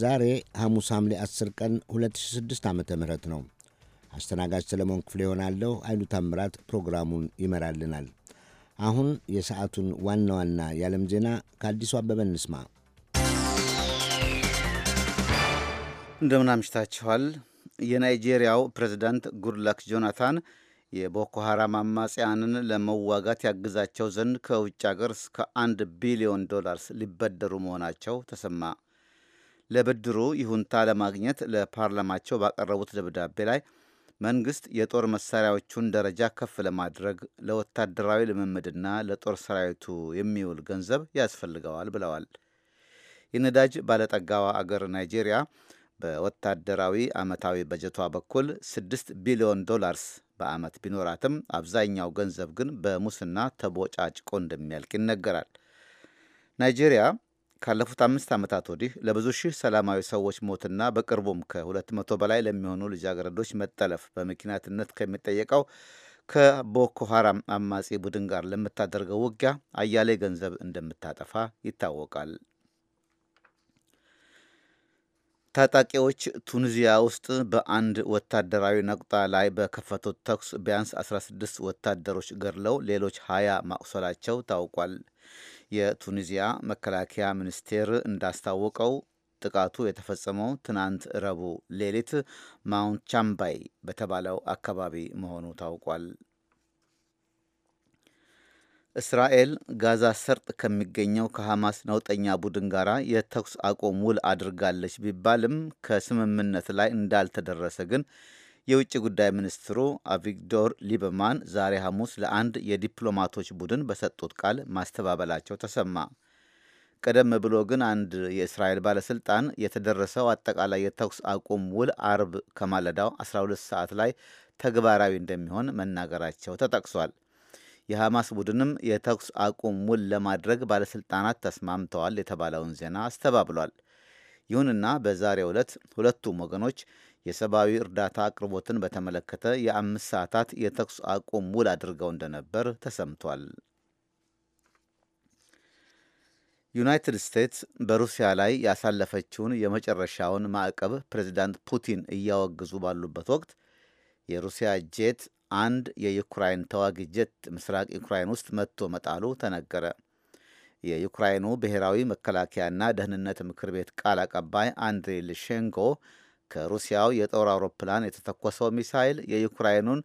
ዛሬ ሐሙስ ሐምሌ 10 ቀን 2006 ዓ ም ነው። አስተናጋጅ ሰለሞን ክፍሌ ይሆናለሁ። ኃይሉ ታምራት ፕሮግራሙን ይመራልናል። አሁን የሰዓቱን ዋና ዋና የዓለም ዜና ከአዲሱ አበበ እንስማ። እንደምን አምሽታችኋል። የናይጄሪያው ፕሬዝዳንት ጉድላክ ጆናታን የቦኮ ሐራም አማጽያንን ለመዋጋት ያግዛቸው ዘንድ ከውጭ አገር እስከ አንድ ቢሊዮን ዶላርስ ሊበደሩ መሆናቸው ተሰማ። ለብድሩ ይሁንታ ለማግኘት ለፓርላማቸው ባቀረቡት ደብዳቤ ላይ መንግስት የጦር መሳሪያዎቹን ደረጃ ከፍ ለማድረግ ለወታደራዊ ልምምድና ለጦር ሰራዊቱ የሚውል ገንዘብ ያስፈልገዋል ብለዋል። የነዳጅ ባለጠጋዋ አገር ናይጄሪያ በወታደራዊ ዓመታዊ በጀቷ በኩል 6 ቢሊዮን ዶላርስ በዓመት ቢኖራትም አብዛኛው ገንዘብ ግን በሙስና ተቦጫጭቆ እንደሚያልቅ ይነገራል። ናይጄሪያ ካለፉት አምስት ዓመታት ወዲህ ለብዙ ሺህ ሰላማዊ ሰዎች ሞትና በቅርቡም ከ200 በላይ ለሚሆኑ ልጃገረዶች መጠለፍ በምክንያትነት ከሚጠየቀው ከቦኮ ሐራም አማጺ ቡድን ጋር ለምታደርገው ውጊያ አያሌ ገንዘብ እንደምታጠፋ ይታወቃል። ታጣቂዎች ቱኒዚያ ውስጥ በአንድ ወታደራዊ ነቁጣ ላይ በከፈቱት ተኩስ ቢያንስ 16 ወታደሮች ገድለው ሌሎች 20 ማቁሰላቸው ታውቋል። የቱኒዚያ መከላከያ ሚኒስቴር እንዳስታወቀው ጥቃቱ የተፈጸመው ትናንት ረቡዕ ሌሊት ማውንት ቻምባይ በተባለው አካባቢ መሆኑ ታውቋል። እስራኤል ጋዛ ሰርጥ ከሚገኘው ከሐማስ ነውጠኛ ቡድን ጋር የተኩስ አቁም ውል አድርጋለች ቢባልም ከስምምነት ላይ እንዳልተደረሰ ግን የውጭ ጉዳይ ሚኒስትሩ አቪግዶር ሊበማን ዛሬ ሐሙስ ለአንድ የዲፕሎማቶች ቡድን በሰጡት ቃል ማስተባበላቸው ተሰማ። ቀደም ብሎ ግን አንድ የእስራኤል ባለስልጣን የተደረሰው አጠቃላይ የተኩስ አቁም ውል አርብ ከማለዳው 12 ሰዓት ላይ ተግባራዊ እንደሚሆን መናገራቸው ተጠቅሷል። የሐማስ ቡድንም የተኩስ አቁም ውል ለማድረግ ባለስልጣናት ተስማምተዋል የተባለውን ዜና አስተባብሏል። ይሁንና በዛሬው ዕለት ሁለቱም ወገኖች የሰብአዊ እርዳታ አቅርቦትን በተመለከተ የአምስት ሰዓታት የተኩስ አቁም ውል አድርገው እንደነበር ተሰምቷል። ዩናይትድ ስቴትስ በሩሲያ ላይ ያሳለፈችውን የመጨረሻውን ማዕቀብ ፕሬዚዳንት ፑቲን እያወግዙ ባሉበት ወቅት የሩሲያ ጄት አንድ የዩክራይን ተዋጊ ጄት ምስራቅ ዩክራይን ውስጥ መጥቶ መጣሉ ተነገረ። የዩክራይኑ ብሔራዊ መከላከያና ደህንነት ምክር ቤት ቃል አቀባይ አንድሬ ልሼንኮ ከሩሲያው የጦር አውሮፕላን የተተኮሰው ሚሳይል የዩክራይኑን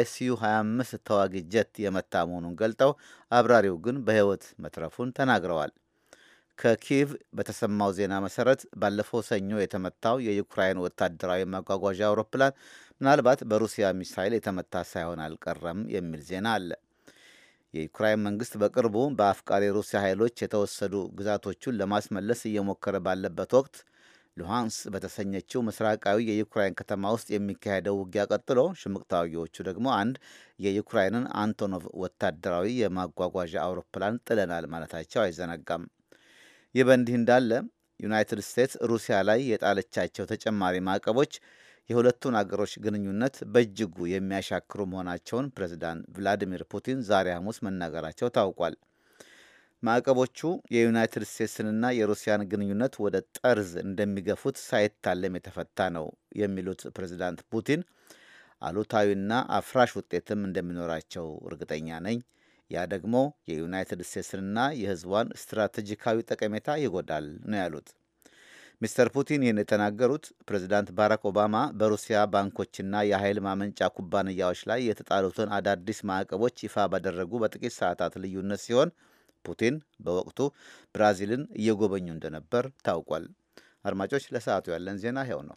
ኤስዩ 25 ተዋጊ ጀት የመታ መሆኑን ገልጠው አብራሪው ግን በሕይወት መትረፉን ተናግረዋል። ከኪቭ በተሰማው ዜና መሠረት ባለፈው ሰኞ የተመታው የዩክራይን ወታደራዊ መጓጓዣ አውሮፕላን ምናልባት በሩሲያ ሚሳይል የተመታ ሳይሆን አልቀረም የሚል ዜና አለ። የዩክራይን መንግስት በቅርቡ በአፍቃሪ ሩሲያ ኃይሎች የተወሰዱ ግዛቶቹን ለማስመለስ እየሞከረ ባለበት ወቅት ሉሃንስ በተሰኘችው ምስራቃዊ የዩክራይን ከተማ ውስጥ የሚካሄደው ውጊያ ቀጥሎ ሽምቅ ተዋጊዎቹ ደግሞ አንድ የዩክራይንን አንቶኖቭ ወታደራዊ የማጓጓዣ አውሮፕላን ጥለናል ማለታቸው አይዘነጋም። ይህ በእንዲህ እንዳለ ዩናይትድ ስቴትስ ሩሲያ ላይ የጣለቻቸው ተጨማሪ ማዕቀቦች የሁለቱን አገሮች ግንኙነት በእጅጉ የሚያሻክሩ መሆናቸውን ፕሬዚዳንት ቭላዲሚር ፑቲን ዛሬ ሐሙስ መናገራቸው ታውቋል። ማዕቀቦቹ የዩናይትድ ስቴትስንና የሩሲያን ግንኙነት ወደ ጠርዝ እንደሚገፉት ሳይታለም የተፈታ ነው የሚሉት ፕሬዚዳንት ፑቲን አሉታዊና አፍራሽ ውጤትም እንደሚኖራቸው እርግጠኛ ነኝ። ያ ደግሞ የዩናይትድ ስቴትስንና የሕዝቧን ስትራቴጂካዊ ጠቀሜታ ይጎዳል ነው ያሉት። ሚስተር ፑቲን ይህን የተናገሩት ፕሬዚዳንት ባራክ ኦባማ በሩሲያ ባንኮችና የኃይል ማመንጫ ኩባንያዎች ላይ የተጣሉትን አዳዲስ ማዕቀቦች ይፋ ባደረጉ በጥቂት ሰዓታት ልዩነት ሲሆን ፑቲን በወቅቱ ብራዚልን እየጎበኙ እንደነበር ታውቋል። አድማጮች፣ ለሰዓቱ ያለን ዜና ይኸው ነው።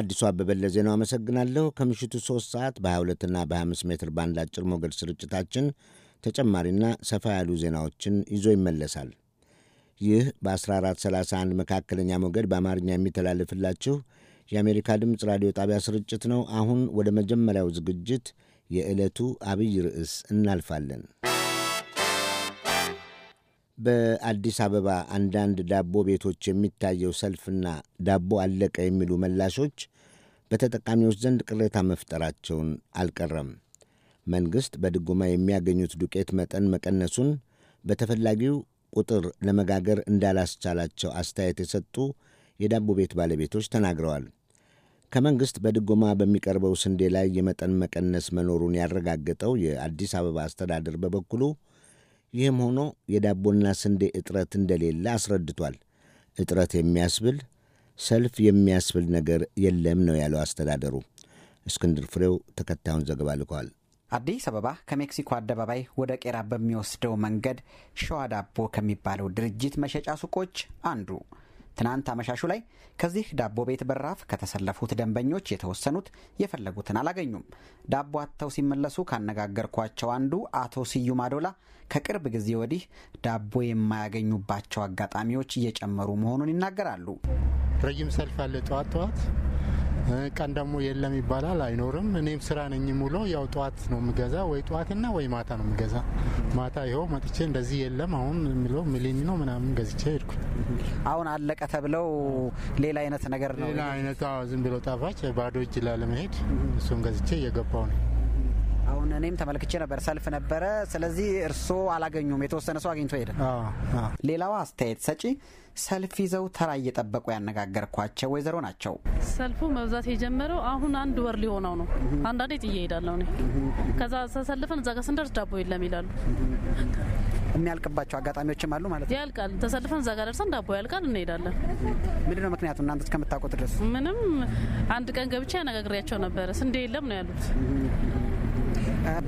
አዲሱ አበበ ለዜናው አመሰግናለሁ። ከምሽቱ 3 ሰዓት በ22ና በ25 ሜትር ባንድ አጭር ሞገድ ስርጭታችን ተጨማሪና ሰፋ ያሉ ዜናዎችን ይዞ ይመለሳል። ይህ በ1431 መካከለኛ ሞገድ በአማርኛ የሚተላለፍላችሁ የአሜሪካ ድምፅ ራዲዮ ጣቢያ ስርጭት ነው። አሁን ወደ መጀመሪያው ዝግጅት የዕለቱ አብይ ርዕስ እናልፋለን። በአዲስ አበባ አንዳንድ ዳቦ ቤቶች የሚታየው ሰልፍና ዳቦ አለቀ የሚሉ መላሾች በተጠቃሚዎች ዘንድ ቅሬታ መፍጠራቸውን አልቀረም። መንግሥት በድጎማ የሚያገኙት ዱቄት መጠን መቀነሱን በተፈላጊው ቁጥር ለመጋገር እንዳላስቻላቸው አስተያየት የሰጡ የዳቦ ቤት ባለቤቶች ተናግረዋል። ከመንግሥት በድጎማ በሚቀርበው ስንዴ ላይ የመጠን መቀነስ መኖሩን ያረጋገጠው የአዲስ አበባ አስተዳደር በበኩሉ ይህም ሆኖ የዳቦና ስንዴ እጥረት እንደሌለ አስረድቷል። እጥረት የሚያስብል ሰልፍ የሚያስብል ነገር የለም ነው ያለው አስተዳደሩ። እስክንድር ፍሬው ተከታዩን ዘገባ ልከዋል። አዲስ አበባ ከሜክሲኮ አደባባይ ወደ ቄራ በሚወስደው መንገድ ሸዋ ዳቦ ከሚባለው ድርጅት መሸጫ ሱቆች አንዱ ትናንት አመሻሹ ላይ ከዚህ ዳቦ ቤት በራፍ ከተሰለፉት ደንበኞች የተወሰኑት የፈለጉትን አላገኙም። ዳቦ አጥተው ሲመለሱ ካነጋገርኳቸው አንዱ አቶ ስዩም አዶላ ከቅርብ ጊዜ ወዲህ ዳቦ የማያገኙባቸው አጋጣሚዎች እየጨመሩ መሆኑን ይናገራሉ። ረጅም ሰልፍ አለ ጠዋት ጠዋት ቀን ደግሞ የለም ይባላል፣ አይኖርም። እኔም ስራ ነኝ ሙሎ ያው ጠዋት ነው የምገዛ፣ ወይ ጠዋትና ወይ ማታ ነው የምገዛ። ማታ ይኸው መጥቼ እንደዚህ የለም አሁን የሚለው ነው ምናምን ገዝቼ ሄድኩ። አሁን አለቀ ተብለው ሌላ አይነት ነገር ነው ሌላ አይነት ዝም ብሎ ጣፋጭ ባዶ እጅ ላለመሄድ እሱም ገዝቼ እየገባው ነው አሁን እኔም ተመልክቼ ነበር፣ ሰልፍ ነበረ። ስለዚህ እርስዎ አላገኙም፣ የተወሰነ ሰው አግኝቶ ሄደ። ሌላዋ አስተያየት ሰጪ ሰልፍ ይዘው ተራ እየጠበቁ ያነጋገርኳቸው ወይዘሮ ናቸው። ሰልፉ መብዛት የጀመረው አሁን አንድ ወር ሊሆነው ነው። አንዳንዴ ጥዬ እሄዳለሁ እኔ። ከዛ ተሰልፈን እዛ ጋር ስንደርስ ዳቦ የለም ይላሉ። የሚያልቅባቸው አጋጣሚዎችም አሉ ማለት ነው። ያልቃል። ተሰልፈን እዛ ጋር ደርሰን ዳቦ ያልቃል፣ እንሄዳለን። ምንድን ነው ምክንያቱ? እናንተ እስከምታውቁት ድረስ ምንም። አንድ ቀን ገብቼ ያነጋግሬያቸው ነበረ። ስንዴ የለም ነው ያሉት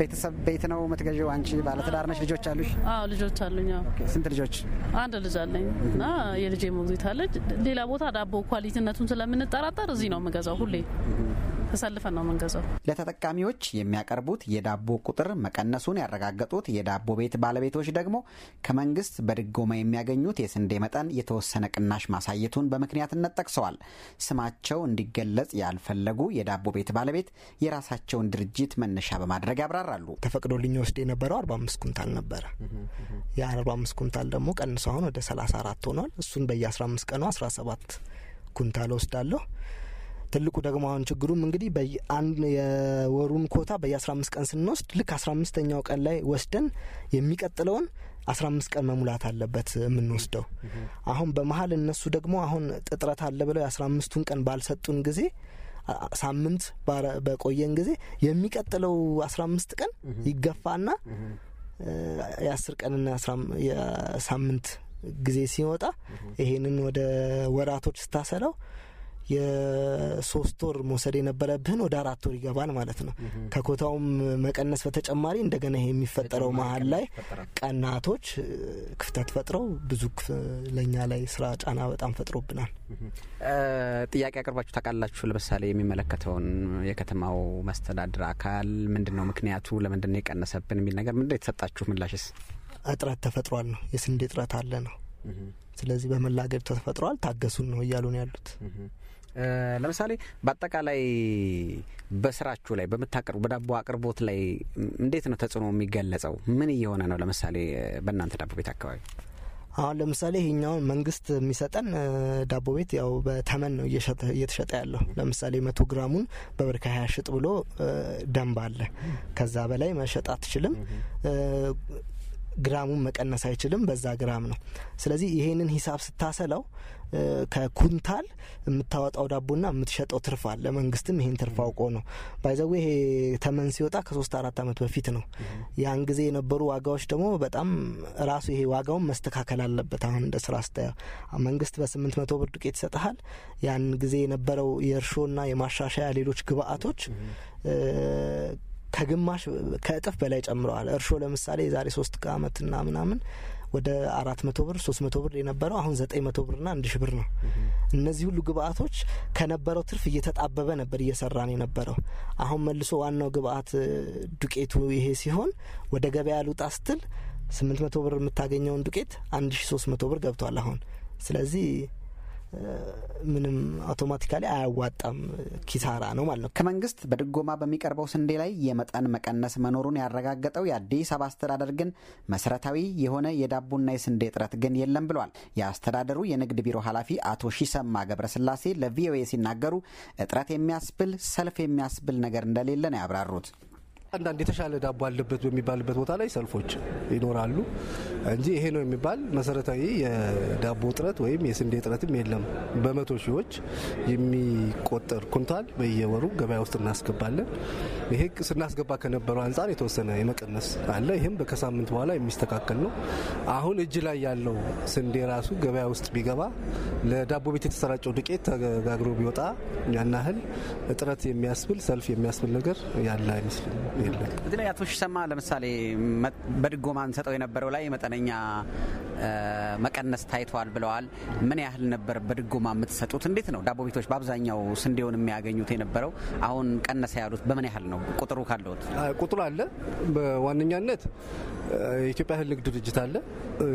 ቤተሰብ ቤት ነው የምትገዢው? አንቺ ባለትዳር ነሽ? ልጆች አሉሽ? አዎ ልጆች አሉኝ። ስንት ልጆች? አንድ ልጅ አለኝ እና የልጄ ሞግዚት አለች። ሌላ ቦታ ዳቦ ኳሊቲነቱን ስለምንጠራጠር እዚህ ነው የምገዛው ሁሌ ተሰልፈን ነው የምንገዛው። ለተጠቃሚዎች የሚያቀርቡት የዳቦ ቁጥር መቀነሱን ያረጋገጡት የዳቦ ቤት ባለቤቶች ደግሞ ከመንግስት በድጎማ የሚያገኙት የስንዴ መጠን የተወሰነ ቅናሽ ማሳየቱን በምክንያትነት ጠቅሰዋል። ስማቸው እንዲገለጽ ያልፈለጉ የዳቦ ቤት ባለቤት የራሳቸውን ድርጅት መነሻ በማድረግ ያብራራሉ። ተፈቅዶልኝ ወስድ የነበረው አርባ አምስት ኩንታል ነበረ። የአርባ አምስት ኩንታል ደግሞ ቀንሶ አሁን ወደ ሰላሳ አራት ሆኗል። እሱን በየ አስራ አምስት ቀኑ አስራ ሰባት ኩንታል ወስዳለሁ። ትልቁ ደግሞ አሁን ችግሩም እንግዲህ በአንድ የወሩን ኮታ በየ አምስት ቀን ስንወስድ ልክ 15 አምስተኛው ቀን ላይ ወስደን የሚቀጥለውን አምስት ቀን መሙላት አለበት የምንወስደው። አሁን በመሀል እነሱ ደግሞ አሁን ጥጥረት አለ ብለው የ 15 ቀን ባልሰጡን ጊዜ ሳምንት በቆየን ጊዜ የሚቀጥለው 15 ቀን ይገፋና የአስር ቀንና የሳምንት ጊዜ ሲወጣ ይሄንን ወደ ወራቶች ስታሰለው የሶስት ወር መውሰድ የነበረብህን ወደ አራት ወር ይገባል ማለት ነው። ከኮታውም መቀነስ በተጨማሪ እንደገና ይሄ የሚፈጠረው መሀል ላይ ቀናቶች ክፍተት ፈጥረው ብዙ ለእኛ ላይ ስራ ጫና በጣም ፈጥሮብናል። ጥያቄ አቅርባችሁ ታውቃላችሁ? ለምሳሌ የሚመለከተውን የከተማው መስተዳድር አካል ምንድን ነው ምክንያቱ ለምንድን ነው የቀነሰብን የሚል ነገር ምንድን የተሰጣችሁ ምላሽስ? እጥረት ተፈጥሯል ነው የስንዴ እጥረት አለ ነው። ስለዚህ በመላገድ ተፈጥሯል። ታገሱን ነው እያሉ ነው ያሉት። ለምሳሌ በአጠቃላይ በስራችሁ ላይ በምታቀርቡ በዳቦ አቅርቦት ላይ እንዴት ነው ተጽዕኖ የሚገለጸው? ምን እየሆነ ነው? ለምሳሌ በእናንተ ዳቦ ቤት አካባቢ አሁን ለምሳሌ ይህኛውን መንግስት የሚሰጠን ዳቦ ቤት ያው በተመን ነው እየተሸጠ ያለው። ለምሳሌ መቶ ግራሙን በብር ከሀያ ሽጥ ብሎ ደንብ አለ። ከዛ በላይ መሸጥ አትችልም። ግራሙን መቀነስ አይችልም። በዛ ግራም ነው። ስለዚህ ይሄንን ሂሳብ ስታሰለው ከኩንታል የምታወጣው ዳቦና የምትሸጠው ትርፍ አለ። መንግስትም ይሄን ትርፍ አውቆ ነው ባይዘዌ ይሄ ተመን ሲወጣ ከሶስት አራት አመት በፊት ነው። ያን ጊዜ የነበሩ ዋጋዎች ደግሞ በጣም ራሱ ይሄ ዋጋውን መስተካከል አለበት። አሁን እንደ ስራ ስታየው መንግስት በስምንት መቶ ብር ዱቄት ይሰጠሃል። ያን ጊዜ የነበረው የእርሾና የማሻሻያ ሌሎች ግብአቶች ከግማሽ ከእጥፍ በላይ ጨምረዋል። እርሾ ለምሳሌ የዛሬ ሶስት አመትና ምናምን ወደ አራት መቶ ብር ሶስት መቶ ብር የነበረው አሁን ዘጠኝ መቶ ብርና አንድ ሺ ብር ነው። እነዚህ ሁሉ ግብአቶች ከነበረው ትርፍ እየተጣበበ ነበር ነው የነበረው። አሁን መልሶ ዋናው ግብአት ዱቄቱ ይሄ ሲሆን ወደ ገበያ ልውጣ ስትል ስምንት መቶ ብር የምታገኘውን ዱቄት አንድ ሺ ሶስት መቶ ብር ገብቷል አሁን ስለዚህ ምንም አውቶማቲካሊ አያዋጣም፣ ኪሳራ ነው ማለት ነው። ከመንግስት በድጎማ በሚቀርበው ስንዴ ላይ የመጠን መቀነስ መኖሩን ያረጋገጠው የአዲስ አበባ አስተዳደር ግን መሰረታዊ የሆነ የዳቦና የስንዴ እጥረት ግን የለም ብሏል። የአስተዳደሩ የንግድ ቢሮ ኃላፊ አቶ ሺሰማ ገብረስላሴ ለቪኦኤ ሲናገሩ እጥረት የሚያስብል ሰልፍ የሚያስብል ነገር እንደሌለ ነው ያብራሩት። አንዳንድ የተሻለ ዳቦ አለበት በሚባልበት ቦታ ላይ ሰልፎች ይኖራሉ እንጂ ይሄ ነው የሚባል መሰረታዊ የዳቦ እጥረት ወይም የስንዴ እጥረትም የለም። በመቶ ሺዎች የሚቆጠር ኩንታል በየወሩ ገበያ ውስጥ እናስገባለን። ይሄ ስናስገባ ከነበረው አንጻር የተወሰነ የመቀነስ አለ። ይህም ከሳምንት በኋላ የሚስተካከል ነው። አሁን እጅ ላይ ያለው ስንዴ ራሱ ገበያ ውስጥ ቢገባ ለዳቦ ቤት የተሰራጨው ዱቄት ተጋግሮ ቢወጣ ያናህል እጥረት የሚያስብል ሰልፍ የሚያስብል ነገር ያለ አይመስልም። የለም። እዚህ ላይ አቶ ሽሰማ ለምሳሌ በድጎማ እንሰጠው የነበረው ላይ መጠነኛ መቀነስ ታይተዋል ብለዋል። ምን ያህል ነበር በድጎማ የምትሰጡት? እንዴት ነው ዳቦ ቤቶች በአብዛኛው ስንዴውን የሚያገኙት የነበረው አሁን ቀነሰ ያሉት በምን ያህል ነው? ቁጥሩ ካለዎት? ቁጥሩ አለ። በዋነኛነት የኢትዮጵያ እህል ንግድ ድርጅት አለ።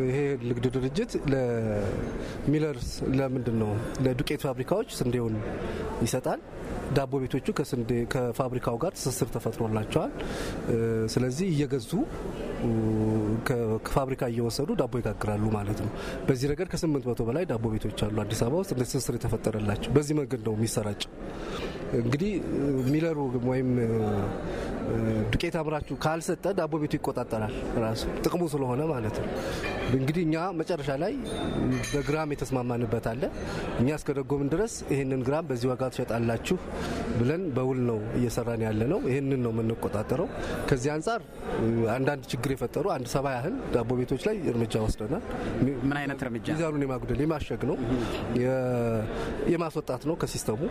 ይሄ ንግድ ድርጅት ለሚለርስ ለምንድን ነው ለዱቄት ፋብሪካዎች ስንዴውን ይሰጣል። ዳቦ ቤቶቹ ከስንዴ ከፋብሪካው ጋር ትስስር ተፈጥሮላቸዋል። ስለዚህ እየገዙ ከፋብሪካ እየወሰዱ ዳቦ ይጋግራሉ ማለት ነው። በዚህ ነገር ከስምንት መቶ በላይ ዳቦ ቤቶች አሉ አዲስ አበባ ውስጥ ትስስር የተፈጠረላቸው በዚህ መንገድ ነው የሚሰራጭ። እንግዲህ ሚለሩ ወይም ዱቄት አምራችሁ ካልሰጠ ዳቦ ቤቱ ይቆጣጠራል ራሱ ጥቅሙ ስለሆነ ማለት ነው። እንግዲህ እኛ መጨረሻ ላይ በግራም የተስማማንበት አለ። እኛ እስከ ደጎምን ድረስ ይህንን ግራም በዚህ ዋጋ ትሸጣላችሁ ብለን በውል ነው እየሰራን ያለ ነው። ይህንን ነው የምንቆጣጠረው። ከዚህ አንጻር አንዳንድ ችግር የፈጠሩ አንድ ሰባ ያህል ዳቦ ቤቶች ላይ እርምጃ ወስደናል። ምን አይነት እርምጃ? ሚዛኑን የማጉደል የማሸግ ነው፣ የማስወጣት ነው ከሲስተሙ።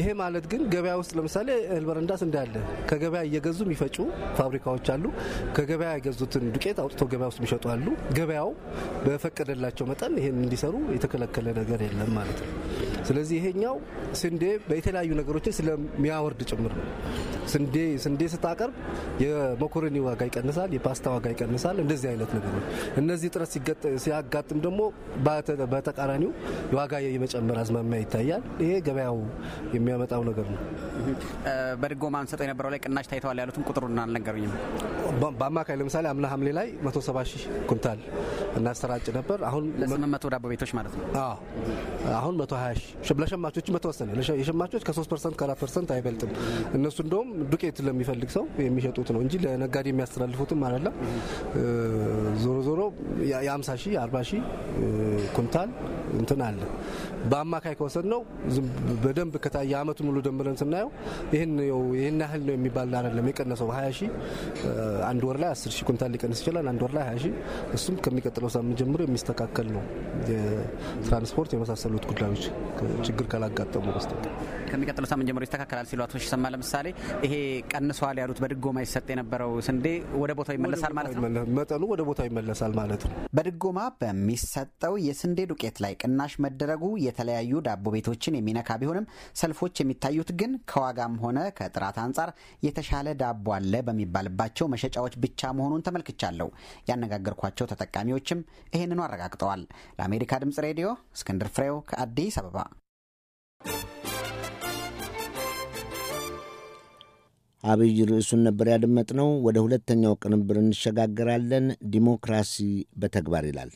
ይሄ ማለት ግን ገበያ ውስጥ ለምሳሌ እህል በረንዳስ እንዳለ ከገበያ እየገዙ የሚፈጩ ፋብሪካዎች አሉ። ከገበያ የገዙትን ዱቄት አውጥቶ ገበያ ውስጥ የሚሸጡ አሉ። ገበያው በፈቀደላቸው መጠን ይሄን እንዲሰሩ የተከለከለ ነገር የለም ማለት ነው። ስለዚህ ይሄኛው ስንዴ በተለያዩ ነገሮችን ስለሚያወርድ ጭምር ነው። ስንዴ ስንዴ ስታቀርብ የመኮረኒ ዋጋ ይቀንሳል፣ የፓስታ ዋጋ ይቀንሳል። እንደዚህ አይነት ነገሮች እነዚህ ጥረት ሲያጋጥም ደግሞ በተቃራኒው የዋጋ የመጨመር አዝማሚያ ይታያል። ይሄ ገበያው የሚያመጣው ነገር ነው። በድጎ ማንሰጠ የነበረው ላይ ቅናሽ ታይተዋል ያሉትን ቁጥሩን አልነገሩኝም። በአማካይ ለምሳሌ አምና ሐምሌ ላይ 170 ሺህ ኩንታል እናሰራጭ ነበር። አሁን ለመቶ ዳቦ ቤቶች ማለት ነው። አሁን 120 ሺህ ለሸማቾችም በተወሰነ የሸማቾች ከ3 ፐርሰንት ከ4 ፐርሰንት አይበልጥም። እነሱ እንደውም ዱቄት ለሚፈልግ ሰው የሚሸጡት ነው እንጂ ለነጋዴ የሚያስተላልፉትም አይደለም። ዞሮ ዞሮ የ50 ሺ 40 ሺ ኩንታል እንትን አለ። በአማካይ ከወሰድ ነው በደንብ ከታ የአመቱን ሙሉ ደንብለን ስናየው ይህን ያህል ነው የሚባል አይደለም። የቀነሰው በ20 አንድ ወር ላይ 10 ሺ ኩንታል ሊቀንስ ይችላል። አንድ ወር ላይ 20 ሺ እሱም ከሚቀጥለው ሳምንት ጀምሮ የሚስተካከል ነው። የትራንስፖርት የመሳሰሉት ጉዳዮች ችግር ካላጋጠሙ በስተቀር ከሚቀጥለው ሳምንት ጀምሮ ይስተካከላል ሲሉ አቶ ሽሰማ ለምሳሌ ይሄ ቀንሷል ያሉት በድጎማ ይሰጥ የነበረው ስንዴ ወደ ቦታው ይመለሳል ማለት ነው። መጠኑ ወደ ቦታው ይመለሳል ማለት ነው። በድጎማ በሚሰጠው የስንዴ ዱቄት ላይ ቅናሽ መደረጉ የተለያዩ ዳቦ ቤቶችን የሚነካ ቢሆንም ሰልፎች የሚታዩት ግን ከዋጋም ሆነ ከጥራት አንጻር የተሻለ ዳቦ አለ በሚባልባቸው መሸጫዎች ብቻ መሆኑን ተመልክቻለሁ። ያነጋገርኳቸው ተጠቃሚዎችም ይህንኑ አረጋግጠዋል። ለአሜሪካ ድምጽ ሬዲዮ እስክንድር ፍሬው ከአዲስ አበባ አብይ ርዕሱን ነበር ያደመጥነው። ወደ ሁለተኛው ቅንብር እንሸጋገራለን። ዲሞክራሲ በተግባር ይላል።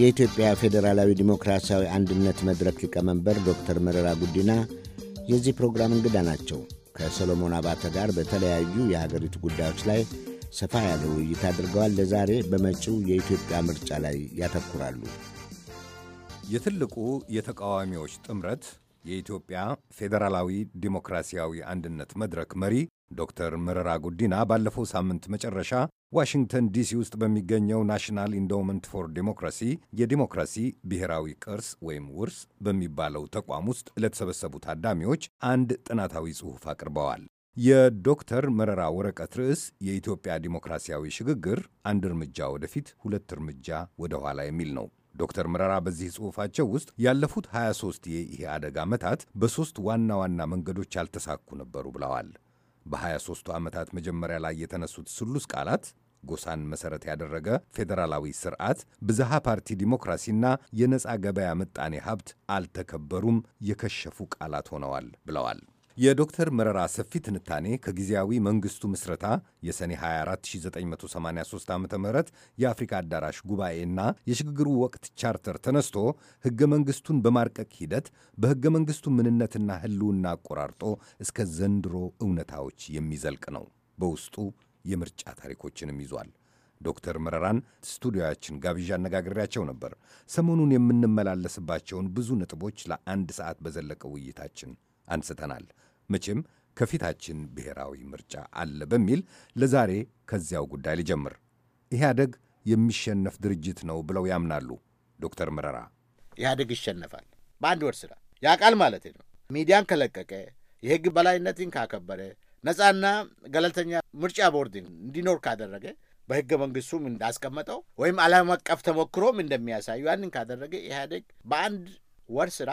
የኢትዮጵያ ፌዴራላዊ ዲሞክራሲያዊ አንድነት መድረክ ሊቀመንበር ዶክተር መረራ ጉዲና የዚህ ፕሮግራም እንግዳ ናቸው። ከሰሎሞን አባተ ጋር በተለያዩ የሀገሪቱ ጉዳዮች ላይ ሰፋ ያለ ውይይት አድርገዋል። ለዛሬ በመጪው የኢትዮጵያ ምርጫ ላይ ያተኩራሉ። የትልቁ የተቃዋሚዎች ጥምረት የኢትዮጵያ ፌዴራላዊ ዲሞክራሲያዊ አንድነት መድረክ መሪ ዶክተር መረራ ጉዲና ባለፈው ሳምንት መጨረሻ ዋሽንግተን ዲሲ ውስጥ በሚገኘው ናሽናል ኢንዶመንት ፎር ዲሞክራሲ የዲሞክራሲ ብሔራዊ ቅርስ ወይም ውርስ በሚባለው ተቋም ውስጥ ለተሰበሰቡ ታዳሚዎች አንድ ጥናታዊ ጽሑፍ አቅርበዋል። የዶክተር መረራ ወረቀት ርዕስ የኢትዮጵያ ዲሞክራሲያዊ ሽግግር አንድ እርምጃ ወደፊት፣ ሁለት እርምጃ ወደ ኋላ የሚል ነው። ዶክተር መረራ በዚህ ጽሑፋቸው ውስጥ ያለፉት 23 የኢህአደግ ዓመታት በሦስት ዋና ዋና መንገዶች ያልተሳኩ ነበሩ ብለዋል። በ23ቱ ዓመታት መጀመሪያ ላይ የተነሱት ስሉስ ቃላት ጎሳን መሰረት ያደረገ ፌዴራላዊ ስርዓት፣ ብዝሃ ፓርቲ ዲሞክራሲና የነፃ ገበያ ምጣኔ ሀብት አልተከበሩም፣ የከሸፉ ቃላት ሆነዋል ብለዋል። የዶክተር መረራ ሰፊ ትንታኔ ከጊዜያዊ መንግስቱ ምስረታ የሰኔ 24 1983 ዓ ም የአፍሪካ አዳራሽ ጉባኤና የሽግግሩ ወቅት ቻርተር ተነስቶ ሕገ መንግሥቱን በማርቀቅ ሂደት በሕገ መንግሥቱ ምንነትና ሕልውና አቆራርጦ እስከ ዘንድሮ እውነታዎች የሚዘልቅ ነው። በውስጡ የምርጫ ታሪኮችንም ይዟል። ዶክተር መረራን ስቱዲዮያችን ጋብዣ አነጋግሬያቸው ነበር። ሰሞኑን የምንመላለስባቸውን ብዙ ነጥቦች ለአንድ ሰዓት በዘለቀ ውይይታችን አንስተናል። መቼም ከፊታችን ብሔራዊ ምርጫ አለ በሚል ለዛሬ ከዚያው ጉዳይ ልጀምር። ኢህአደግ የሚሸነፍ ድርጅት ነው ብለው ያምናሉ ዶክተር መረራ? ኢህአደግ ይሸነፋል። በአንድ ወር ስራ ያቃል ማለት ነው። ሚዲያን ከለቀቀ፣ የህግ በላይነትን ካከበረ፣ ነፃና ገለልተኛ ምርጫ ቦርድን እንዲኖር ካደረገ በህገ መንግስቱም እንዳስቀመጠው ወይም ዓለም አቀፍ ተሞክሮም እንደሚያሳዩ ያንን ካደረገ ኢህአዴግ በአንድ ወር ስራ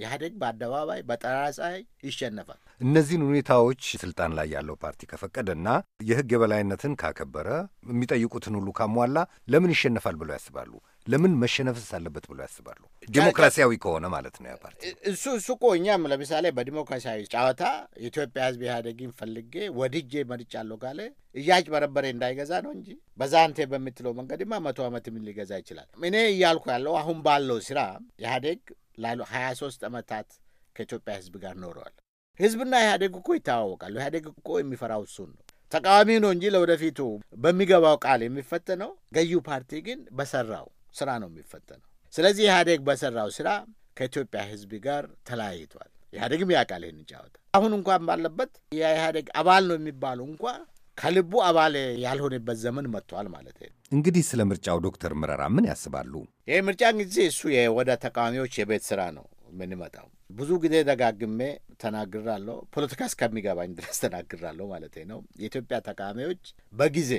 ኢህአዴግ በአደባባይ በጠራራ ፀሐይ ይሸነፋል። እነዚህን ሁኔታዎች ስልጣን ላይ ያለው ፓርቲ ከፈቀደና የህግ የበላይነትን ካከበረ የሚጠይቁትን ሁሉ ካሟላ ለምን ይሸነፋል ብለው ያስባሉ? ለምን መሸነፍስ አለበት ብሎ ያስባሉ? ዲሞክራሲያዊ ከሆነ ማለት ነው ያፓርቲ እሱ እሱ እኮ እኛም ለምሳሌ በዲሞክራሲያዊ ጨዋታ የኢትዮጵያ ሕዝብ ኢህአዴግን ፈልጌ ወድጄ መርጫለሁ ካለ እያጭበረበረ እንዳይገዛ ነው እንጂ በዛንቴ በምትለው መንገድማ መቶ ዓመት ምን ሊገዛ ይችላል? እኔ እያልኩ ያለው አሁን ባለው ስራ ኢህአዴግ ላሉ ሀያ ሶስት ዓመታት ከኢትዮጵያ ሕዝብ ጋር ኖረዋል። ሕዝብና ኢህአዴግ እኮ ይተዋወቃሉ። ኢህአዴግ እኮ የሚፈራው እሱን ነው ተቃዋሚ ነው እንጂ ለወደፊቱ በሚገባው ቃል የሚፈተነው ገዢው ፓርቲ ግን በሰራው ስራ ነው የሚፈተነው። ስለዚህ ኢህአዴግ በሰራው ስራ ከኢትዮጵያ ህዝብ ጋር ተለያይቷል። ኢህአዴግም ያውቃል ይህን ጫወታ። አሁን እንኳን ባለበት የኢህአዴግ አባል ነው የሚባሉ እንኳ ከልቡ አባል ያልሆነበት ዘመን መጥቷል ማለት ነው። እንግዲህ ስለ ምርጫው ዶክተር ምረራ ምን ያስባሉ? ይህ ምርጫ ጊዜ እሱ ወደ ተቃዋሚዎች የቤት ስራ ነው የምንመጣው። ብዙ ጊዜ ደጋግሜ ተናግራለሁ፣ ፖለቲካ እስከሚገባኝ ድረስ ተናግራለሁ ማለት ነው። የኢትዮጵያ ተቃዋሚዎች በጊዜ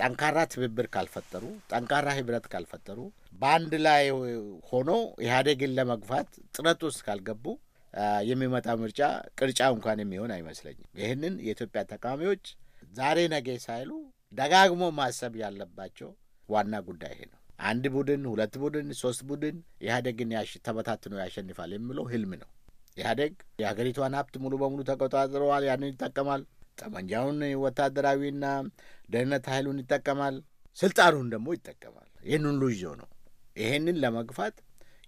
ጠንካራ ትብብር ካልፈጠሩ፣ ጠንካራ ህብረት ካልፈጠሩ፣ በአንድ ላይ ሆኖ ኢህአዴግን ለመግፋት ጥረት ውስጥ ካልገቡ የሚመጣ ምርጫ ቅርጫ እንኳን የሚሆን አይመስለኝም። ይህንን የኢትዮጵያ ተቃዋሚዎች ዛሬ ነገ ሳይሉ ደጋግሞ ማሰብ ያለባቸው ዋና ጉዳይ ይሄ ነው። አንድ ቡድን፣ ሁለት ቡድን፣ ሶስት ቡድን ኢህአዴግን ተበታትኖ ያሸንፋል የሚለው ህልም ነው። ኢህአዴግ የሀገሪቷን ሀብት ሙሉ በሙሉ ተቆጣጥረዋል። ያንን ይጠቀማል። ጠመንጃውን ወታደራዊና ደህንነት ኃይሉን ይጠቀማል፣ ስልጣኑን ደግሞ ይጠቀማል። ይህን ሁሉ ይዞ ነው። ይሄንን ለመግፋት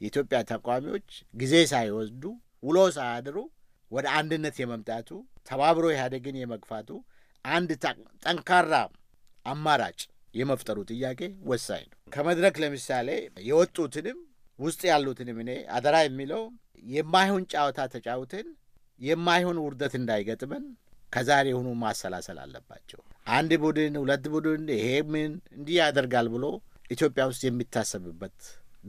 የኢትዮጵያ ተቃዋሚዎች ጊዜ ሳይወስዱ ውሎ ሳያድሩ ወደ አንድነት የመምጣቱ ተባብሮ ኢህአዴግን የመግፋቱ አንድ ጠንካራ አማራጭ የመፍጠሩ ጥያቄ ወሳኝ ነው። ከመድረክ ለምሳሌ የወጡትንም ውስጥ ያሉትንም እኔ አደራ የሚለው የማይሆን ጨዋታ ተጫውተን የማይሆን ውርደት እንዳይገጥመን ከዛሬ የሆኑ ማሰላሰል አለባቸው። አንድ ቡድን ሁለት ቡድን ይሄ ምን እንዲህ ያደርጋል ብሎ ኢትዮጵያ ውስጥ የሚታሰብበት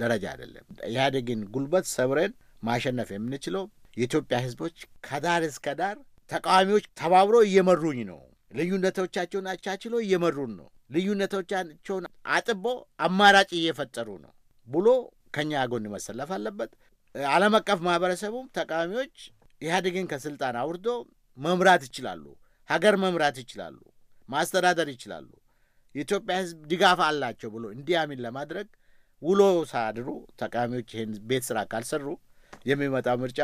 ደረጃ አይደለም። ኢህአዴግን ጉልበት ሰብረን ማሸነፍ የምንችለው የኢትዮጵያ ህዝቦች ከዳር እስከ ዳር ተቃዋሚዎች ተባብሮ እየመሩኝ ነው፣ ልዩነቶቻቸውን አቻችሎ እየመሩን ነው፣ ልዩነቶቻቸውን አጥቦ አማራጭ እየፈጠሩ ነው ብሎ ከኛ ጎን መሰለፍ አለበት። ዓለም አቀፍ ማህበረሰቡም ተቃዋሚዎች ኢህአዴግን ከስልጣን አውርዶ መምራት ይችላሉ፣ ሀገር መምራት ይችላሉ፣ ማስተዳደር ይችላሉ፣ የኢትዮጵያ ሕዝብ ድጋፍ አላቸው ብሎ እንዲያምን ለማድረግ ውሎ ሳድሩ ተቃዋሚዎች ይህን ቤት ስራ ካልሰሩ የሚመጣ ምርጫ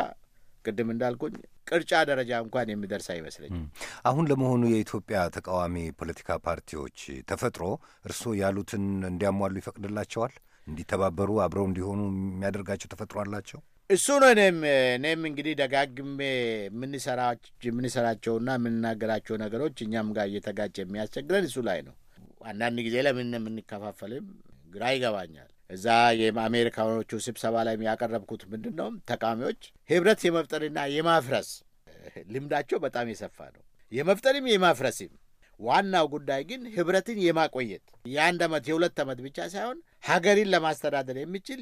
ቅድም እንዳልኩኝ ቅርጫ ደረጃ እንኳን የሚደርስ አይመስለኝም። አሁን ለመሆኑ የኢትዮጵያ ተቃዋሚ ፖለቲካ ፓርቲዎች ተፈጥሮ እርስዎ ያሉትን እንዲያሟሉ ይፈቅድላቸዋል? እንዲተባበሩ፣ አብረው እንዲሆኑ የሚያደርጋቸው ተፈጥሮ አላቸው? እሱ ነው። እኔም እኔም እንግዲህ ደጋግሜ የምንሰራቸውና የምንናገራቸው ነገሮች እኛም ጋር እየተጋጭ የሚያስቸግረን እሱ ላይ ነው። አንዳንድ ጊዜ ለምን የምንከፋፈልም ግራ ይገባኛል። እዛ የአሜሪካኖቹ ስብሰባ ላይ ያቀረብኩት ምንድን ነው፣ ተቃዋሚዎች ህብረት የመፍጠርና የማፍረስ ልምዳቸው በጣም የሰፋ ነው። የመፍጠርም የማፍረስም ዋናው ጉዳይ ግን ህብረትን የማቆየት የአንድ ዓመት የሁለት ዓመት ብቻ ሳይሆን ሀገርን ለማስተዳደር የሚችል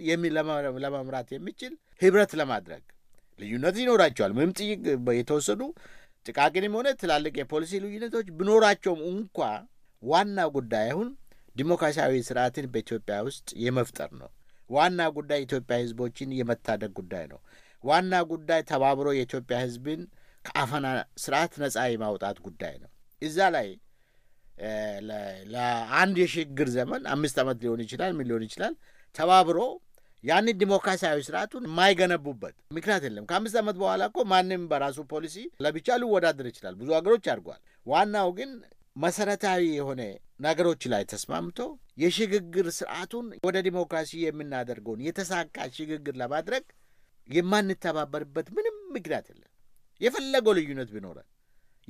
ለመምራት የሚችል ህብረት ለማድረግ ልዩነት ይኖራቸዋል። ምንም ጥይቅ የተወሰኑ ጥቃቅንም ሆነ ትላልቅ የፖሊሲ ልዩነቶች ቢኖራቸውም እንኳ ዋና ጉዳይ አሁን ዲሞክራሲያዊ ስርዓትን በኢትዮጵያ ውስጥ የመፍጠር ነው። ዋና ጉዳይ የኢትዮጵያ ህዝቦችን የመታደግ ጉዳይ ነው። ዋና ጉዳይ ተባብሮ የኢትዮጵያ ህዝብን ከአፈና ስርዓት ነጻ የማውጣት ጉዳይ ነው። እዛ ላይ ለአንድ የሽግግር ዘመን አምስት ዓመት ሊሆን ይችላል፣ ምን ሊሆን ይችላል ተባብሮ ያን ዲሞክራሲያዊ ስርዓቱን የማይገነቡበት ምክንያት የለም። ከአምስት ዓመት በኋላ እኮ ማንም በራሱ ፖሊሲ ለብቻ ሊወዳደር ይችላል። ብዙ ሀገሮች አድርጓል። ዋናው ግን መሰረታዊ የሆነ ነገሮች ላይ ተስማምቶ የሽግግር ስርዓቱን ወደ ዲሞክራሲ የምናደርገውን የተሳካ ሽግግር ለማድረግ የማንተባበርበት ምንም ምክንያት የለም። የፈለገው ልዩነት ቢኖረን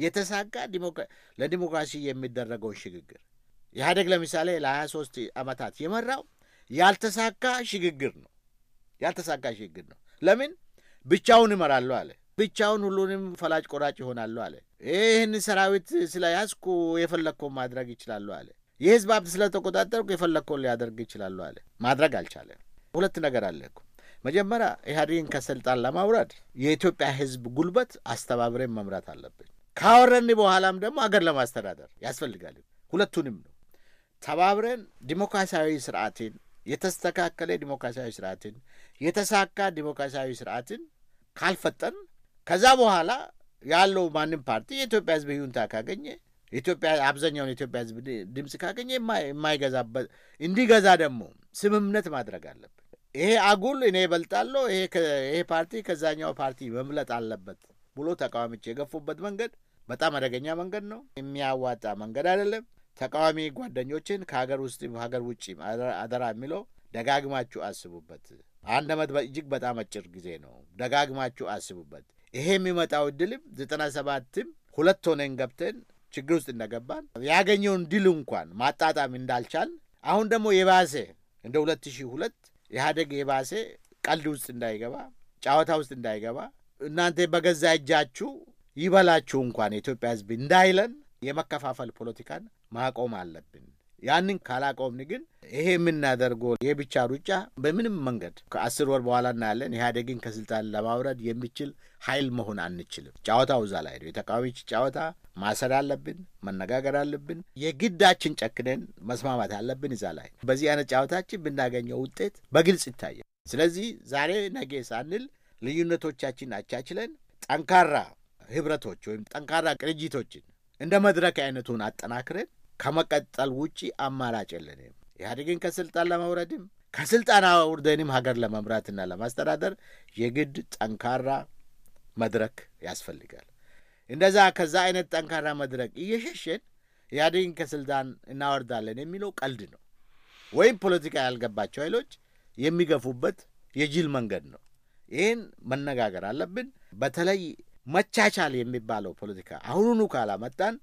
የተሳካ ለዲሞክራሲ የሚደረገውን ሽግግር ኢህአዴግ ለምሳሌ ለ23 ዓመታት የመራው ያልተሳካ ሽግግር ነው። ያልተሳካ ሽግግር ነው። ለምን ብቻውን እመራለሁ አለ። ብቻውን ሁሉንም ፈላጭ ቆራጭ ይሆናሉ አለ። ይህን ሰራዊት ስለያዝኩ የፈለግከውን ማድረግ ይችላሉ አለ። የህዝብ ሀብት ስለተቆጣጠርኩ የፈለግከውን ሊያደርግ ይችላሉ አለ። ማድረግ አልቻለም። ሁለት ነገር አለ እኮ መጀመሪያ ኢህአዴግን ከስልጣን ለማውረድ የኢትዮጵያ ህዝብ ጉልበት አስተባብረን መምራት አለብን። ካወረን በኋላም ደግሞ አገር ለማስተዳደር ያስፈልጋል። ሁለቱንም ነው ተባብረን ዲሞክራሲያዊ ስርዓትን የተስተካከለ ዲሞክራሲያዊ ስርዓትን የተሳካ ዲሞክራሲያዊ ስርዓትን ካልፈጠን ከዛ በኋላ ያለው ማንም ፓርቲ የኢትዮጵያ ሕዝብ ይሁንታ ካገኘ ኢትዮጵያ አብዛኛውን የኢትዮጵያ ሕዝብ ድምፅ ካገኘ የማይገዛበት እንዲገዛ ደግሞ ስምምነት ማድረግ አለብን። ይሄ አጉል እኔ እበልጣለሁ፣ ይሄ ፓርቲ ከዛኛው ፓርቲ መምለጥ አለበት ብሎ ተቃዋሚዎች የገፉበት መንገድ በጣም አደገኛ መንገድ ነው። የሚያዋጣ መንገድ አይደለም። ተቃዋሚ ጓደኞችን ከሀገር ውስጥ ሀገር ውጭ አደራ የሚለው ደጋግማችሁ አስቡበት። አንድ ዓመት እጅግ በጣም አጭር ጊዜ ነው። ደጋግማችሁ አስቡበት። ይሄ የሚመጣው ድልም ዘጠና ሰባትም ሁለት ሆነን ገብተን ችግር ውስጥ እንደገባን ያገኘውን ድል እንኳን ማጣጣም እንዳልቻል አሁን ደግሞ የባሴ እንደ ሁለት ሺህ ሁለት ኢህአዴግ የባሴ ቀልድ ውስጥ እንዳይገባ ጨዋታ ውስጥ እንዳይገባ እናንተ በገዛ እጃችሁ ይበላችሁ እንኳን የኢትዮጵያ ሕዝብ እንዳይለን የመከፋፈል ፖለቲካን ማቆም አለብን። ያንን ካላቆምን ግን ይሄ የምናደርገው ብቻ ሩጫ በምንም መንገድ ከአስር ወር በኋላ እናያለን። ኢህአዴግን ከስልጣን ለማውረድ የሚችል ኃይል መሆን አንችልም። ጨዋታው እዛ ላይ ነው። የተቃዋሚዎች ጨዋታ ማሰር አለብን፣ መነጋገር አለብን። የግዳችን ጨክነን መስማማት አለብን። እዛ ላይ በዚህ አይነት ጨዋታችን ብናገኘው ውጤት በግልጽ ይታያል። ስለዚህ ዛሬ ነገ ሳንል ልዩነቶቻችን አቻችለን ጠንካራ ህብረቶች ወይም ጠንካራ ቅርጅቶችን እንደ መድረክ አይነቱን አጠናክረን ከመቀጠል ውጪ አማራጭ የለንም። ኢህአዴግን ከስልጣን ለመውረድም ከስልጣን አውርደንም ሀገር ለመምራትና ለማስተዳደር የግድ ጠንካራ መድረክ ያስፈልጋል። እንደዛ ከዛ አይነት ጠንካራ መድረክ እየሸሸን ኢህአዴግን ከስልጣን እናወርዳለን የሚለው ቀልድ ነው፣ ወይም ፖለቲካ ያልገባቸው ኃይሎች የሚገፉበት የጅል መንገድ ነው። ይህን መነጋገር አለብን። በተለይ መቻቻል የሚባለው ፖለቲካ አሁኑኑ ካላመጣን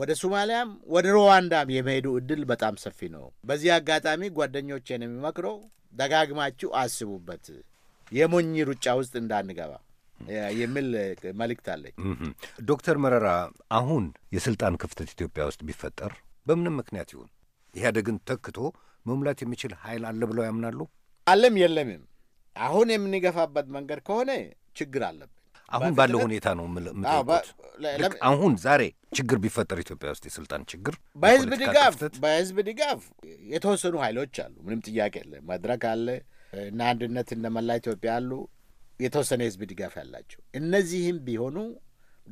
ወደ ሶማሊያም ወደ ሩዋንዳም የመሄዱ እድል በጣም ሰፊ ነው። በዚህ አጋጣሚ ጓደኞቼን የሚመክረው ደጋግማችሁ አስቡበት፣ የሞኝ ሩጫ ውስጥ እንዳንገባ የሚል መልእክት አለኝ። ዶክተር መረራ አሁን የስልጣን ክፍተት ኢትዮጵያ ውስጥ ቢፈጠር በምንም ምክንያት ይሁን ኢህአዴግን ተክቶ መሙላት የሚችል ኃይል አለ ብለው ያምናሉ? አለም የለምም አሁን የምንገፋበት መንገድ ከሆነ ችግር አለብን። አሁን ባለው ሁኔታ ነው የምጠይቁት። አሁን ዛሬ ችግር ቢፈጠር ኢትዮጵያ ውስጥ የስልጣን ችግር በህዝብ ድጋፍ በህዝብ ድጋፍ የተወሰኑ ኃይሎች አሉ። ምንም ጥያቄ የለ። መድረክ አለ እና አንድነት እንደመላ ኢትዮጵያ አሉ። የተወሰነ የህዝብ ድጋፍ ያላቸው እነዚህም ቢሆኑ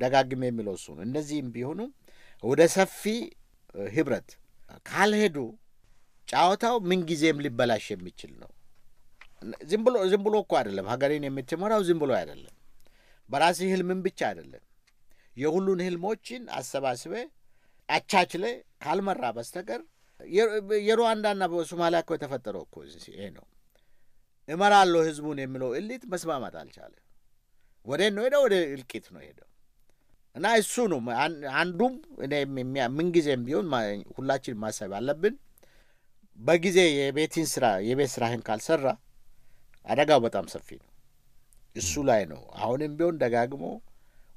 ደጋግሜ የሚለው እሱ ነው። እነዚህም ቢሆኑ ወደ ሰፊ ህብረት ካልሄዱ ጨዋታው ምንጊዜም ሊበላሽ የሚችል ነው። ዝም ብሎ ዝም ብሎ እኮ አይደለም ሀገሬን የምትመራው ዝም ብሎ አይደለም። በራሲ ህልምን ብቻ አይደለም። የሁሉን ህልሞችን አሰባስበ አቻችለ ካልመራ በስተቀር የሩዋንዳና በሶማሊያ እኮ የተፈጠረው እኮ ይሄ ነው። እመራለሁ ህዝቡን የሚለው እሊት መስማማት አልቻለ። ወደ ነው ሄደው ወደ እልቂት ነው ሄደው እና እሱ ነው አንዱም ምንጊዜም ቢሆን ሁላችን ማሰብ አለብን። በጊዜ የቤትን ስራ የቤት ስራህን ካልሰራ አደጋው በጣም ሰፊ ነው። እሱ ላይ ነው አሁንም ቢሆን ደጋግሞ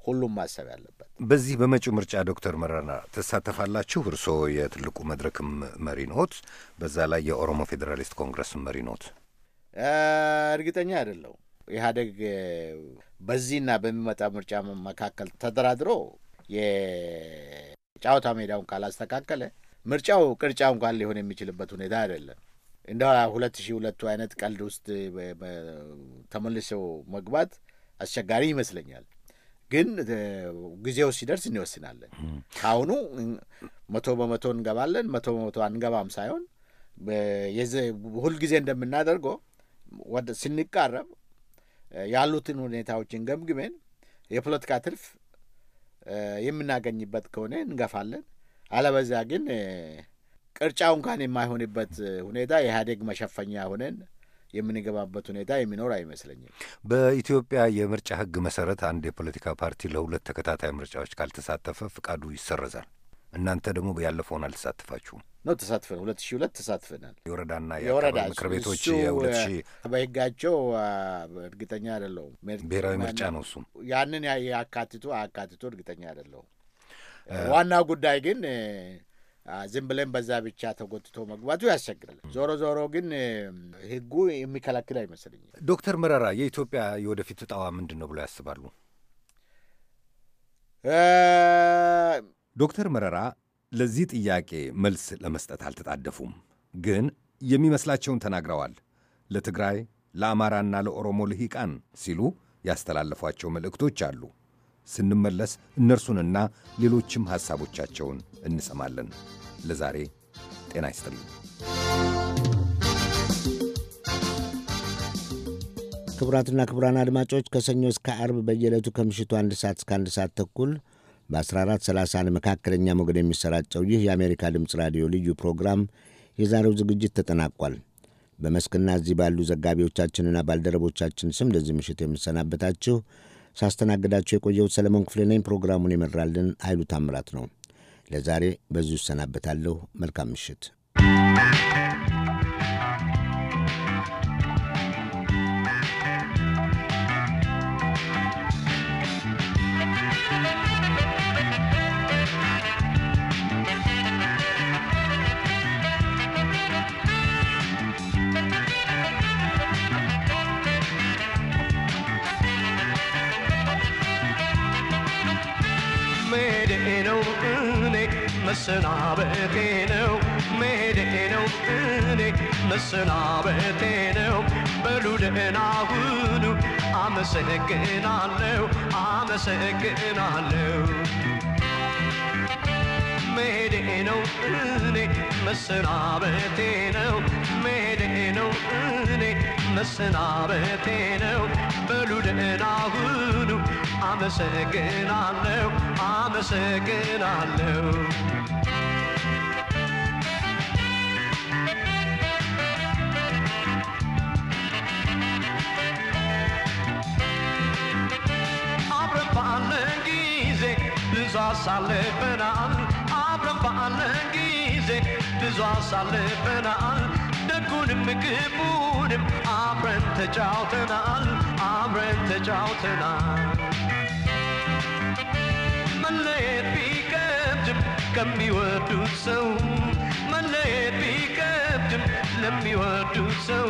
ሁሉም ማሰብ ያለበት። በዚህ በመጪው ምርጫ ዶክተር መረራ ትሳተፋላችሁ? እርስዎ የትልቁ መድረክም መሪ ኖት፣ በዛ ላይ የኦሮሞ ፌዴራሊስት ኮንግረስም መሪ ኖት። እርግጠኛ አይደለው። ኢህአዴግ በዚህና በሚመጣ ምርጫ መካከል ተደራድሮ የጨዋታ ሜዳውን ካላስተካከለ ምርጫው ቅርጫ እንኳን ሊሆን የሚችልበት ሁኔታ አይደለም። እንደ ሁለት ሺህ ሁለቱ አይነት ቀልድ ውስጥ ተመልሰው መግባት አስቸጋሪ ይመስለኛል። ግን ጊዜው ሲደርስ እንወስናለን። ከአሁኑ መቶ በመቶ እንገባለን፣ መቶ በመቶ አንገባም ሳይሆን ሁልጊዜ እንደምናደርገው ስንቃረብ ያሉትን ሁኔታዎችን ገምግሜን የፖለቲካ ትርፍ የምናገኝበት ከሆነ እንገፋለን። አለበዛ ግን ቅርጫው እንኳን የማይሆንበት ሁኔታ የኢህአዴግ መሸፈኛ ሆነን የምንገባበት ሁኔታ የሚኖር አይመስለኝም። በኢትዮጵያ የምርጫ ህግ መሰረት አንድ የፖለቲካ ፓርቲ ለሁለት ተከታታይ ምርጫዎች ካልተሳተፈ ፍቃዱ ይሰረዛል። እናንተ ደግሞ ያለፈውን አልተሳትፋችሁም ነው? ተሳትፈን ሁለት ሺ ሁለት ተሳትፈናል። የወረዳና የወረዳ ምክር ቤቶች የሁለት ሺ በህጋቸው እርግጠኛ አይደለሁም። ብሔራዊ ምርጫ ነው እሱም ያንን ያካትቱ አካትቱ እርግጠኛ አይደለሁም። ዋና ጉዳይ ግን ዝም ብለን በዛ ብቻ ተጎትቶ መግባቱ ያስቸግራል። ዞሮ ዞሮ ግን ህጉ የሚከላክል አይመስለኝም። ዶክተር መረራ የኢትዮጵያ የወደፊት እጣዋ ምንድን ነው ብሎ ያስባሉ? ዶክተር መረራ ለዚህ ጥያቄ መልስ ለመስጠት አልተጣደፉም፣ ግን የሚመስላቸውን ተናግረዋል። ለትግራይ ለአማራና ለኦሮሞ ልሂቃን ሲሉ ያስተላለፏቸው መልእክቶች አሉ። ስንመለስ እነርሱንና ሌሎችም ሐሳቦቻቸውን እንሰማለን። ለዛሬ ጤና ይስጥልኝ። ክቡራትና ክቡራን አድማጮች ከሰኞ እስከ አርብ በየዕለቱ ከምሽቱ አንድ ሰዓት እስከ አንድ ሰዓት ተኩል በ1430 መካከለኛ ሞገድ የሚሰራጨው ይህ የአሜሪካ ድምፅ ራዲዮ ልዩ ፕሮግራም የዛሬው ዝግጅት ተጠናቋል። በመስክና እዚህ ባሉ ዘጋቢዎቻችንና ባልደረቦቻችን ስም ለዚህ ምሽት የምሰናበታችሁ ሳስተናግዳቸው የቆየሁት ሰለሞን ክፍሌ ነኝ። ፕሮግራሙን የመራልን ኃይሉ ታምራት ነው። ለዛሬ በዚሁ እሰናበታለሁ። መልካም ምሽት። መሰናበቴ ነው መሄዴ ነው እኔ መሰናበቴ ነው በሉ ደህና ሁኑ አመሰግናለሁ አመሰግናለሁ መሄዴ ነው እኔ መሰናበቴ ነው መሄዴ ነው እኔ መሰናበቴ ነው በሉ ደህና ሁኑ። አመሰግናለሁ አመሰግናለሁ አብረን ባለን ጊዜ ብዙ አሳልፈናል። አብረን ባለን ጊዜ ብዙ አሳልፈናል። ደጉንም ክፉ አሁንም አብረን ተጫውተናል አብረን ተጫውተናል መለየት ቢከብድም ከሚወዱት ሰው መለየት ቢከብድም ለሚወዱት ሰው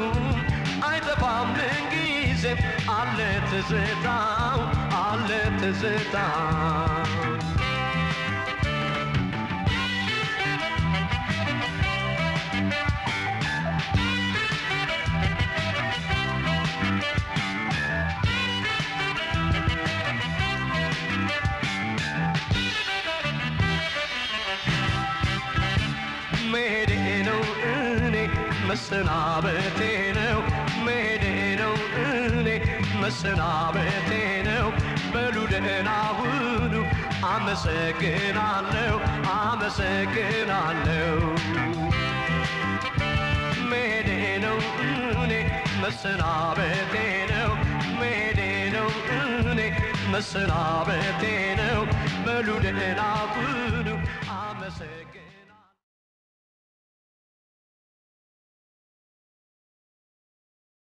አይጠፋም ምንጊዜም አለ ትዝታው አለ ትዝታው መሰናበቴ ነው መሄዴ ነው እኔ መሰናበቴ ነው በሉ ደህና ሁኑ አመሰግናለሁ አመሰግናለሁ መሄዴ ነው እኔ መሰናበቴ ነው መሄዴ ነው እኔ መሰናበቴ ነው በሉ ደህና ሁኑ